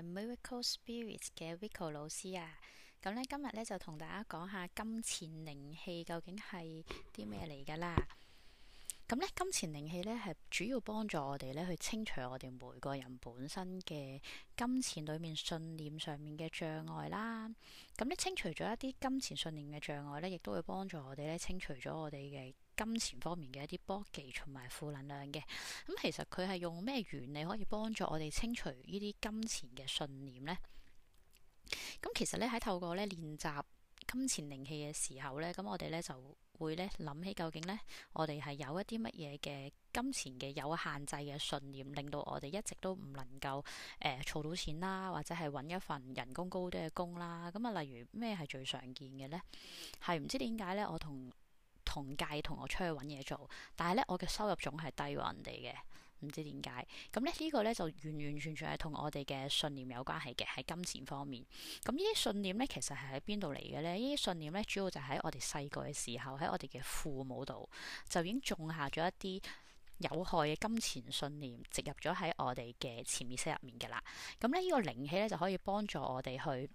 係 Miracle Spirits 嘅 Vico 老師啊，咁咧今日咧就同大家講下金錢靈氣究竟係啲咩嚟㗎啦～咁咧，金錢靈氣咧，係主要幫助我哋咧去清除我哋每個人本身嘅金錢裏面信念上面嘅障礙啦。咁、嗯、咧，清除咗一啲金錢信念嘅障礙咧，亦都會幫助我哋咧清除咗我哋嘅金錢方面嘅一啲波及同埋負能量嘅。咁、嗯、其實佢係用咩原理可以幫助我哋清除呢啲金錢嘅信念呢？咁、嗯、其實咧喺透過咧練習金錢靈氣嘅時候咧，咁、嗯、我哋咧就，會咧諗起究竟咧，我哋係有一啲乜嘢嘅金錢嘅有限制嘅信念，令到我哋一直都唔能夠誒儲到錢啦，或者係揾一份人工高啲嘅工啦。咁啊，例如咩係最常見嘅呢？係唔知點解咧，我同同屆同學出去揾嘢做，但係咧我嘅收入總係低過人哋嘅。唔知點解，咁咧呢個咧就完完全全係同我哋嘅信念有關係嘅，喺金錢方面。咁呢啲信念咧，其實係喺邊度嚟嘅咧？呢啲信念咧，主要就喺我哋細個嘅時候，喺我哋嘅父母度就已經種下咗一啲有害嘅金錢信念，植入咗喺我哋嘅潛意識入面嘅啦。咁咧呢個靈氣咧就可以幫助我哋去。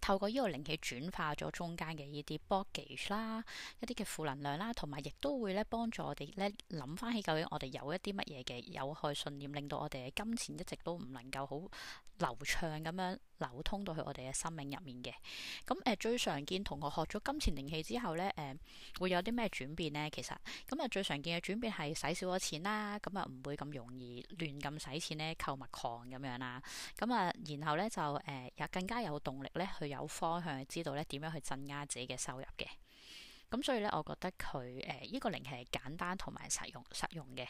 透過呢個靈氣轉化咗中間嘅呢啲 blockage 啦，一啲嘅負能量啦，同埋亦都會呢幫助我哋呢諗返起究竟我哋有一啲乜嘢嘅有害信念，令到我哋嘅金錢一直都唔能夠好。流暢咁樣流通到去我哋嘅生命入面嘅，咁誒、呃、最常見同學學咗金錢靈氣之後呢，誒、呃、會有啲咩轉變呢？其實咁啊、呃、最常見嘅轉變係使少咗錢啦，咁啊唔會咁容易亂咁使錢呢，購物狂咁樣啦，咁啊然後呢，就誒也、呃、更加有動力呢，去有方向，知道呢點樣去增加自己嘅收入嘅，咁所以呢，我覺得佢誒呢個靈氣係簡單同埋實用實用嘅。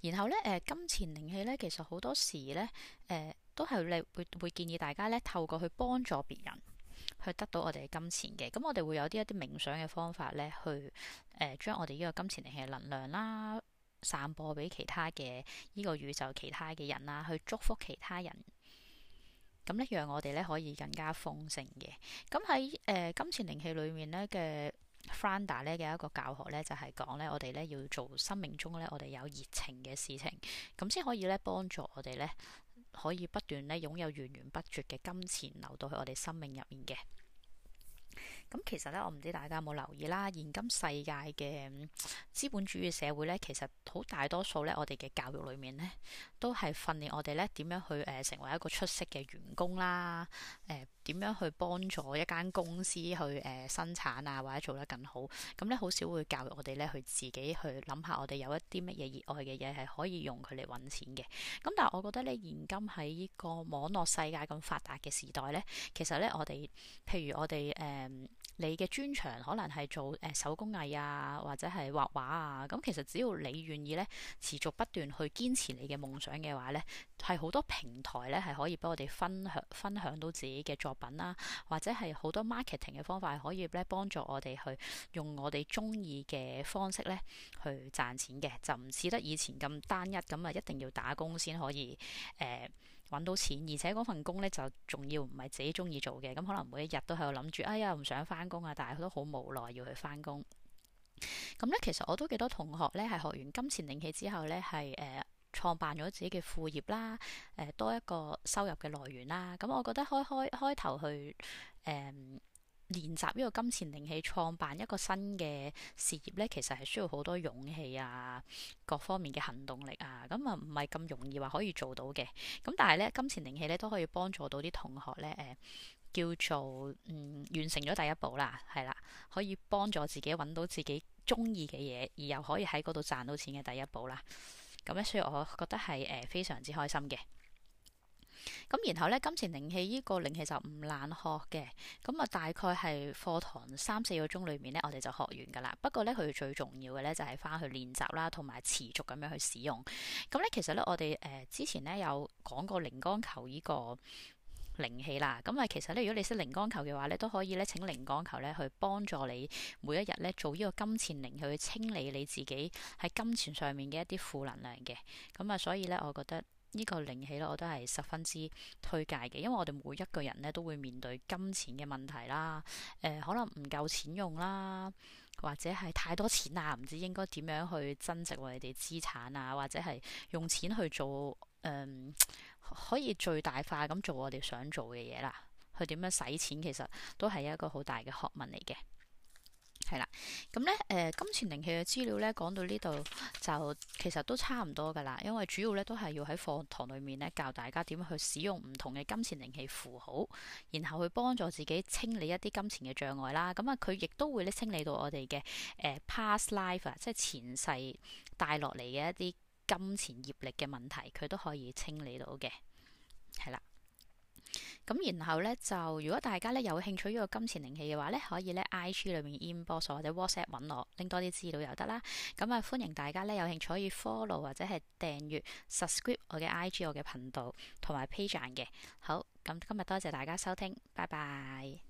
然後咧，誒，金錢靈氣咧，其實好多時咧，誒、呃，都係會會會建議大家咧，透過去幫助別人，去得到我哋嘅金錢嘅。咁我哋會有啲一啲冥想嘅方法咧，去誒、呃，將我哋呢個金錢靈氣嘅能量啦，散播俾其他嘅呢個宇宙其他嘅人啦，去祝福其他人。咁咧，讓我哋咧可以更加豐盛嘅。咁喺誒金錢靈氣裏面咧嘅。Franda 咧、er、嘅一個教學咧，就係講咧，我哋咧要做生命中咧，我哋有熱情嘅事情，咁先可以咧幫助我哋咧，可以不斷咧擁有源源不絕嘅金錢流到去我哋生命入面嘅。咁其實咧，我唔知大家有冇留意啦。現今世界嘅資本主義社會咧，其實好大多數咧，我哋嘅教育裏面咧，都係訓練我哋咧點樣去誒成為一個出色嘅員工啦。誒、呃、點樣去幫助一間公司去誒、呃、生產啊，或者做得更好咁咧，好少會教育我哋咧去自己去諗下，我哋有一啲乜嘢熱愛嘅嘢係可以用佢嚟揾錢嘅。咁但係我覺得咧，現今喺呢個網絡世界咁發達嘅時代咧，其實咧我哋譬如我哋誒。嗯你嘅專長可能係做誒、呃、手工藝啊，或者係畫畫啊，咁其實只要你願意咧，持續不斷去堅持你嘅夢想嘅話咧，係好多平台咧係可以幫我哋分享分享到自己嘅作品啦、啊，或者係好多 marketing 嘅方法係可以咧幫助我哋去用我哋中意嘅方式咧去賺錢嘅，就唔似得以前咁單一，咁啊一定要打工先可以誒。呃揾到錢，而且嗰份工呢就仲要唔係自己中意做嘅，咁可能每一日都喺度諗住，哎呀唔想翻工啊，但係佢都好無奈要去翻工。咁、嗯、呢，其實我都幾多同學呢，係學完金錢靈氣之後呢，係誒、呃、創辦咗自己嘅副業啦，誒、呃、多一個收入嘅來源啦。咁、嗯、我覺得開開開頭去誒。嗯練習呢個金錢靈氣，創辦一個新嘅事業呢，其實係需要好多勇氣啊，各方面嘅行動力啊，咁啊唔係咁容易話可以做到嘅。咁但係呢，金錢靈氣呢都可以幫助到啲同學呢，誒、呃、叫做嗯完成咗第一步啦，係啦，可以幫助自己揾到自己中意嘅嘢，而又可以喺嗰度賺到錢嘅第一步啦。咁咧，所以我覺得係誒、呃、非常之開心嘅。咁然後咧，金錢靈氣呢個靈氣就唔難學嘅，咁啊大概係課堂三四個鐘裏面咧，我哋就學完噶啦。不過咧，佢最重要嘅咧就係翻去練習啦，同埋持續咁樣去使用。咁咧，其實咧，我哋誒、呃、之前咧有講過靈光球呢個靈氣啦。咁啊，其實咧，如果你識靈光球嘅話咧，都可以咧請靈光球咧去幫助你每一日咧做呢個金錢靈氣去清理你自己喺金錢上面嘅一啲負能量嘅。咁啊，所以咧，我覺得。呢個靈氣咧，我都係十分之推介嘅，因為我哋每一個人咧都會面對金錢嘅問題啦。誒、呃，可能唔夠錢用啦，或者係太多錢啊，唔知應該點樣去增值我哋啲資產啊，或者係用錢去做誒、呃，可以最大化咁做我哋想做嘅嘢啦。去點樣使錢，其實都係一個好大嘅學問嚟嘅。係啦，咁咧誒，金錢靈氣嘅資料咧講到呢度就其實都差唔多噶啦，因為主要咧都係要喺課堂裏面咧教大家點去使用唔同嘅金錢靈氣符號，然後去幫助自己清理一啲金錢嘅障礙啦。咁、嗯、啊，佢亦都會咧清理到我哋嘅誒 past life，即係前世帶落嚟嘅一啲金錢業力嘅問題，佢都可以清理到嘅。係啦。咁然後呢，就，如果大家咧有興趣呢個金錢靈氣嘅話呢，可以呢 IG 裏面 inbox 我或者 WhatsApp 揾我，拎多啲資料又得啦。咁啊歡迎大家呢有興趣可以 follow 或者係訂閲 subscribe 我嘅 IG 我嘅頻道同埋 page 嘅。好，咁今日多謝大家收聽，拜拜。